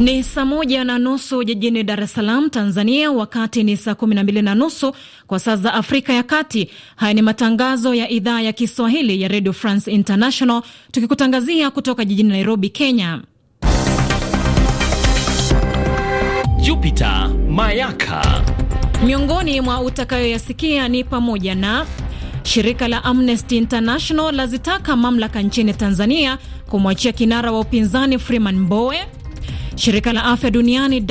Ni saa moja na nusu jijini Dar es Salaam, Tanzania, wakati ni saa kumi na mbili na nusu kwa saa za Afrika ya Kati. Haya ni matangazo ya idhaa ya Kiswahili ya Radio France International, tukikutangazia kutoka jijini Nairobi, Kenya. Jupiter Mayaka. Miongoni mwa utakayoyasikia ni pamoja na Shirika la Amnesty International lazitaka mamlaka nchini Tanzania kumwachia kinara wa upinzani Freeman Mbowe. Shirika la afya duniani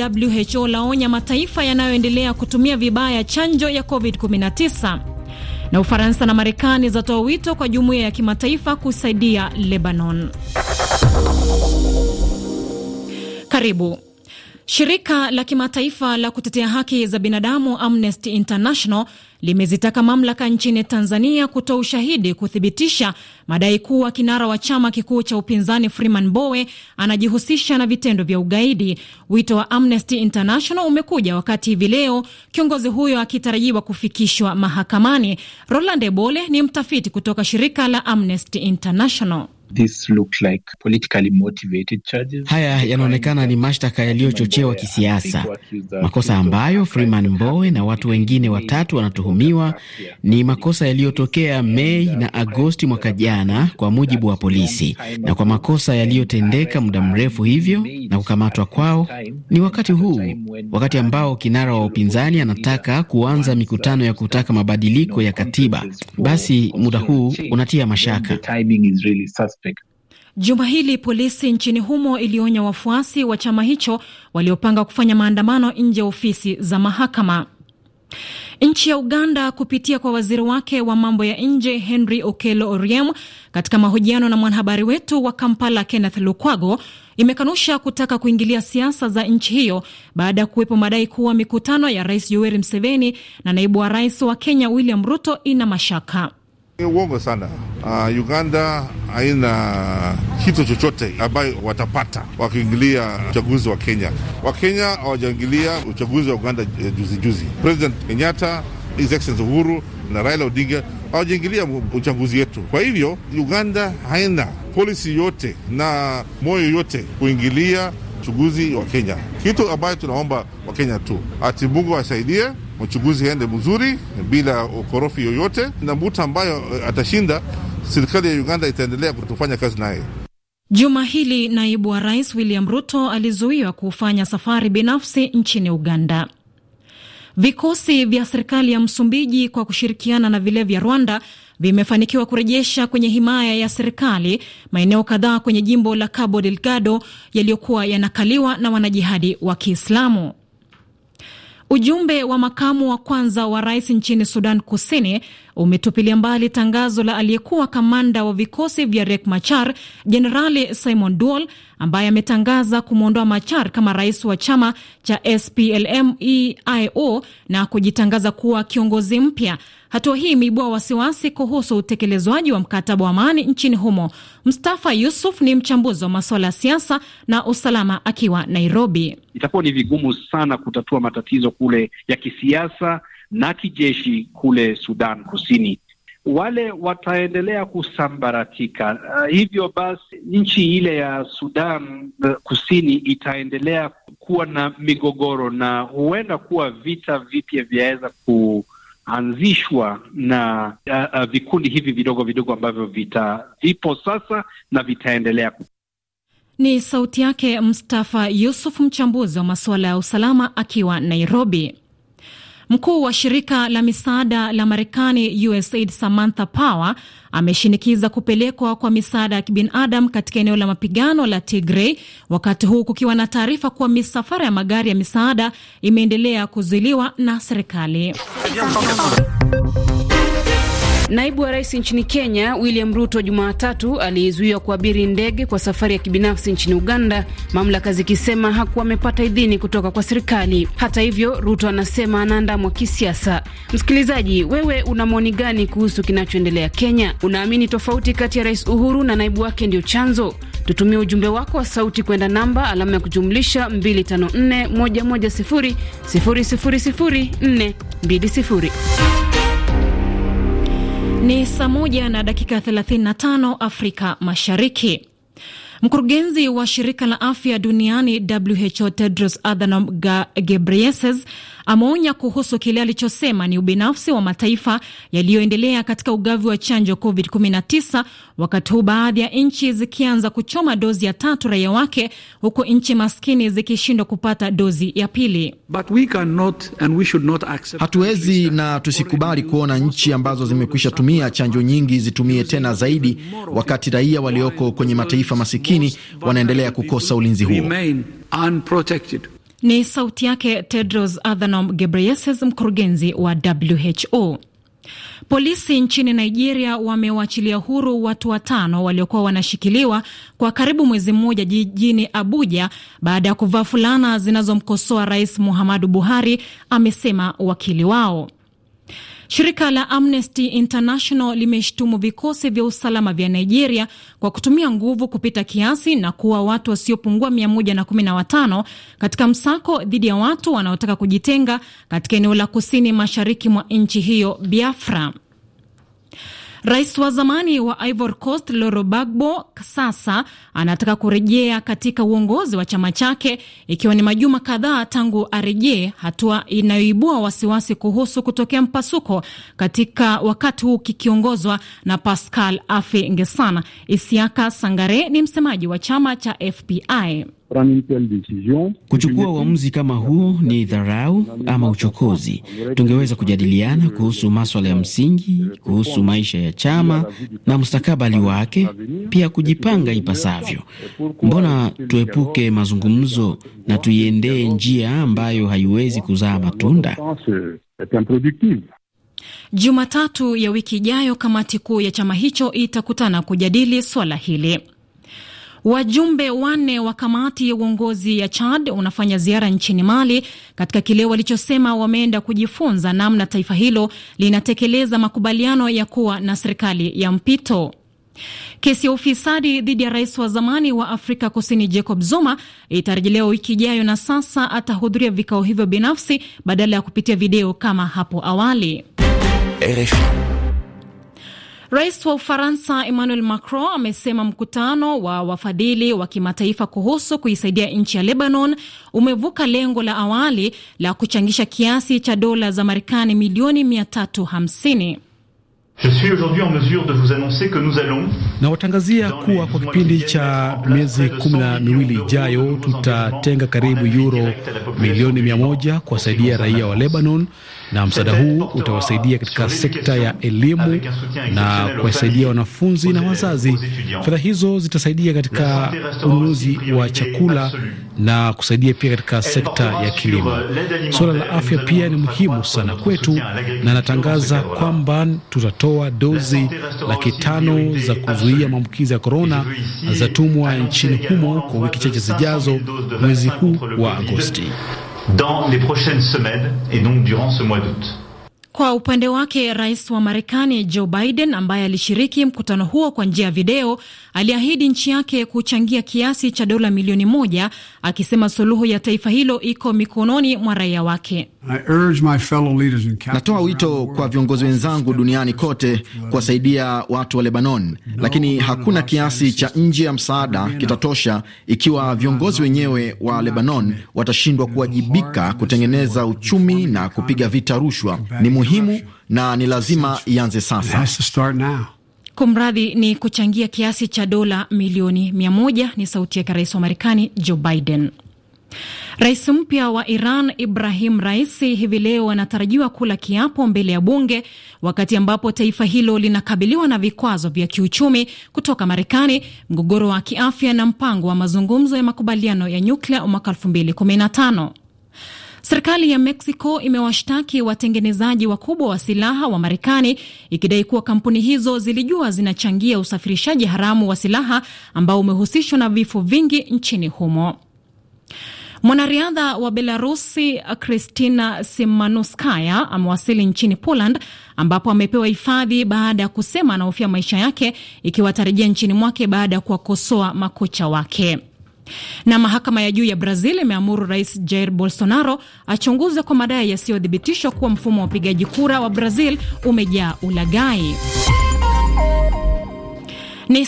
WHO laonya mataifa yanayoendelea kutumia vibaya chanjo ya COVID-19. Na Ufaransa na Marekani zatoa wito kwa jumuiya ya kimataifa kusaidia Lebanon. Karibu. Shirika la kimataifa la kutetea haki za binadamu Amnesty International limezitaka mamlaka nchini Tanzania kutoa ushahidi kuthibitisha madai kuwa kinara wa chama kikuu cha upinzani Freeman Mbowe anajihusisha na vitendo vya ugaidi. Wito wa Amnesty International umekuja wakati hivi leo kiongozi huyo akitarajiwa kufikishwa mahakamani. Roland Ebole ni mtafiti kutoka shirika la Amnesty International. This like politically motivated charges. Haya yanaonekana ni mashtaka yaliyochochewa kisiasa. Makosa ambayo Freeman Mbowe na watu wengine watatu wanatuhumiwa ni makosa yaliyotokea Mei na Agosti mwaka jana, kwa mujibu wa polisi, na kwa makosa yaliyotendeka muda mrefu hivyo na kukamatwa kwao ni wakati huu, wakati ambao kinara wa upinzani anataka kuanza mikutano ya kutaka mabadiliko ya katiba. Basi muda huu unatia mashaka. Spika. Juma hili polisi nchini humo ilionya wafuasi wa chama hicho waliopanga kufanya maandamano nje ya ofisi za mahakama. Nchi ya Uganda kupitia kwa waziri wake wa mambo ya nje Henry Okello Oryem, katika mahojiano na mwanahabari wetu wa Kampala Kenneth Lukwago, imekanusha kutaka kuingilia siasa za nchi hiyo baada ya kuwepo madai kuwa mikutano ya Rais Yoweri Museveni na naibu wa rais wa Kenya William Ruto ina mashaka. Ni uongo sana. Uh, Uganda haina kitu chochote ambayo watapata wakiingilia uchaguzi wa Kenya. Wakenya hawajaingilia uchaguzi wa Uganda juzijuzi eh, juzi. President Kenyatta, His Excellency Uhuru na Raila Odinga hawajaingilia uchaguzi wetu. Kwa hivyo Uganda haina polisi yote na moyo yote kuingilia uchaguzi wa Kenya, kitu ambayo tunaomba Wakenya tu ati Mungu asaidie uchaguzi aende mzuri bila ukorofi yoyote, na mtu ambayo eh, atashinda serikali ya Uganda itaendelea kutufanya kazi naye. Juma hili naibu wa rais William Ruto alizuiwa kufanya safari binafsi nchini Uganda. Vikosi vya serikali ya Msumbiji kwa kushirikiana na vile vya Rwanda vimefanikiwa kurejesha kwenye himaya ya serikali maeneo kadhaa kwenye jimbo la Cabo Delgado yaliyokuwa yanakaliwa na wanajihadi wa Kiislamu. Ujumbe wa makamu wa kwanza wa rais nchini Sudan Kusini umetupilia mbali tangazo la aliyekuwa kamanda wa vikosi vya Riek Machar, Jenerali Simon Duol, ambaye ametangaza kumwondoa Machar kama rais wa chama cha splm e na kujitangaza kuwa kiongozi mpya Hatua hii imeibua wasiwasi kuhusu utekelezwaji wa mkataba wa amani nchini humo. Mustafa Yusuf ni mchambuzi wa masuala ya siasa na usalama, akiwa Nairobi. Itakuwa ni vigumu sana kutatua matatizo kule ya kisiasa na kijeshi kule Sudan Kusini wale wataendelea kusambaratika. Uh, hivyo basi nchi ile ya Sudan uh, Kusini itaendelea kuwa na migogoro na huenda kuwa vita vipya vyaweza ku anzishwa na uh, uh, vikundi hivi vidogo vidogo ambavyo vita vipo sasa na vitaendelea. Ni sauti yake Mustafa Yusuf, mchambuzi wa masuala ya usalama akiwa Nairobi. Mkuu wa shirika la misaada la Marekani USAID Samantha Power ameshinikiza kupelekwa kwa misaada ya kibinadamu katika eneo la mapigano la Tigray, wakati huu kukiwa na taarifa kuwa misafara ya magari ya misaada imeendelea kuzuiliwa na serikali. Naibu wa rais nchini Kenya William Ruto Jumatatu alizuiwa kuabiri ndege kwa safari ya kibinafsi nchini Uganda, mamlaka zikisema hakuwa amepata idhini kutoka kwa serikali. Hata hivyo, Ruto anasema anaandamwa kisiasa. Msikilizaji, wewe una maoni gani kuhusu kinachoendelea Kenya? Unaamini tofauti kati ya Rais Uhuru na naibu wake ndio chanzo? Tutumie ujumbe wako wa sauti kwenda namba alama ya kujumlisha 254 ni saa moja na dakika 35 Afrika Mashariki. Mkurugenzi wa shirika la afya duniani WHO Tedros Adhanom Ghebreyesus ameonya kuhusu kile alichosema ni ubinafsi wa mataifa yaliyoendelea katika ugavi wa chanjo COVID-19, wakati huu baadhi ya nchi zikianza kuchoma dozi ya tatu raia wake, huku nchi maskini zikishindwa kupata dozi ya pili. Hatuwezi na tusikubali kuona nchi ambazo zimekwisha tumia chanjo nyingi zitumie tena zaidi, wakati raia walioko kwenye mataifa masikini wanaendelea kukosa ulinzi huo. Ni sauti yake Tedros Adhanom Ghebreyesus, mkurugenzi wa WHO. Polisi nchini Nigeria wamewachilia huru watu watano waliokuwa wanashikiliwa kwa karibu mwezi mmoja jijini Abuja baada ya kuvaa fulana zinazomkosoa Rais Muhammadu Buhari, amesema wakili wao. Shirika la Amnesty International limeshtumu vikosi vya usalama vya Nigeria kwa kutumia nguvu kupita kiasi na kuua watu wasiopungua 115 katika msako dhidi ya watu wanaotaka kujitenga katika eneo la kusini mashariki mwa nchi hiyo Biafra. Rais wa zamani wa Ivory Coast Laurent sasa anataka kurejea katika uongozi wa chama chake ikiwa ni majuma kadhaa tangu arejee, hatua inayoibua wasiwasi kuhusu kutokea mpasuko katika wakati huu kikiongozwa na Pascal Afi ngesana Isiaka Sangare ni msemaji wa chama cha FPI. Kuchukua uamuzi kama huu ni dharau ama uchokozi. Tungeweza kujadiliana kuhusu maswala ya msingi, kuhusu maisha ya chama na mustakabali wake, pia kujipanga ipasavyo. Mbona tuepuke mazungumzo na tuiendee njia ambayo haiwezi kuzaa matunda? Jumatatu ya wiki ijayo, kamati kuu ya chama hicho itakutana kujadili swala hili. Wajumbe wanne wa kamati ya uongozi ya Chad wanafanya ziara nchini Mali katika kile walichosema wameenda kujifunza namna taifa hilo linatekeleza makubaliano ya kuwa na serikali ya mpito. Kesi ya ufisadi dhidi ya rais wa zamani wa Afrika Kusini Jacob Zuma itarejelewa wiki ijayo, na sasa atahudhuria vikao hivyo binafsi badala ya kupitia video kama hapo awali. RFI. Rais wa Ufaransa Emmanuel Macron amesema mkutano wa wafadhili wa kimataifa kuhusu kuisaidia nchi ya Lebanon umevuka lengo la awali la kuchangisha kiasi cha dola za Marekani milioni 350. Nawatangazia kuwa kwa kipindi cha miezi kumi na miwili ijayo tutatenga karibu yuro milioni mia moja kuwasaidia raia wa Lebanon na msaada huu utawasaidia katika sekta ya elimu na kuwasaidia wanafunzi na wazazi. Fedha hizo zitasaidia katika ununuzi wa chakula na kusaidia pia katika sekta ya kilimo. Suala la afya pia ni muhimu sana kwetu, na natangaza kwamba tutatoa dozi laki tano za kuzuia maambukizi ya korona zatumwa nchini humo kwa wiki chache zijazo mwezi huu wa Agosti. dans les prochaines semaines et donc durant ce mois d'août. Kwa upande wake rais wa Marekani Joe Biden, ambaye alishiriki mkutano huo kwa njia ya video, aliahidi nchi yake kuchangia kiasi cha dola milioni moja, akisema suluhu ya taifa hilo iko mikononi mwa raia wake. Natoa wito kwa viongozi wenzangu duniani kote kuwasaidia watu wa Lebanon, lakini hakuna kiasi cha nje ya msaada kitatosha ikiwa viongozi wenyewe wa Lebanon watashindwa kuwajibika kutengeneza uchumi na kupiga vita rushwa. Ni muhimu na ni lazima ianze sasa. Kumradhi, ni kuchangia kiasi cha dola milioni mia moja. Ni sauti yake rais wa Marekani Joe Biden. Rais mpya wa Iran Ibrahim Raisi hivi leo anatarajiwa kula kiapo mbele ya bunge, wakati ambapo taifa hilo linakabiliwa na vikwazo vya kiuchumi kutoka Marekani, mgogoro wa kiafya na mpango wa mazungumzo ya makubaliano ya nyuklia mwaka 2015. Serikali ya Mexico imewashtaki watengenezaji wakubwa wa silaha wa Marekani ikidai kuwa kampuni hizo zilijua zinachangia usafirishaji haramu wa silaha ambao umehusishwa na vifo vingi nchini humo. Mwanariadha wa Belarusi Kristina Simanuskaya amewasili nchini Poland ambapo amepewa hifadhi baada ya kusema anahofia maisha yake ikiwa atarejea nchini mwake baada ya kuwakosoa makocha wake. Na mahakama ya juu ya Brazil imeamuru rais Jair Bolsonaro achunguzwe kwa madai yasiyothibitishwa kuwa mfumo wa upigaji kura wa Brazil umejaa ulagai Ni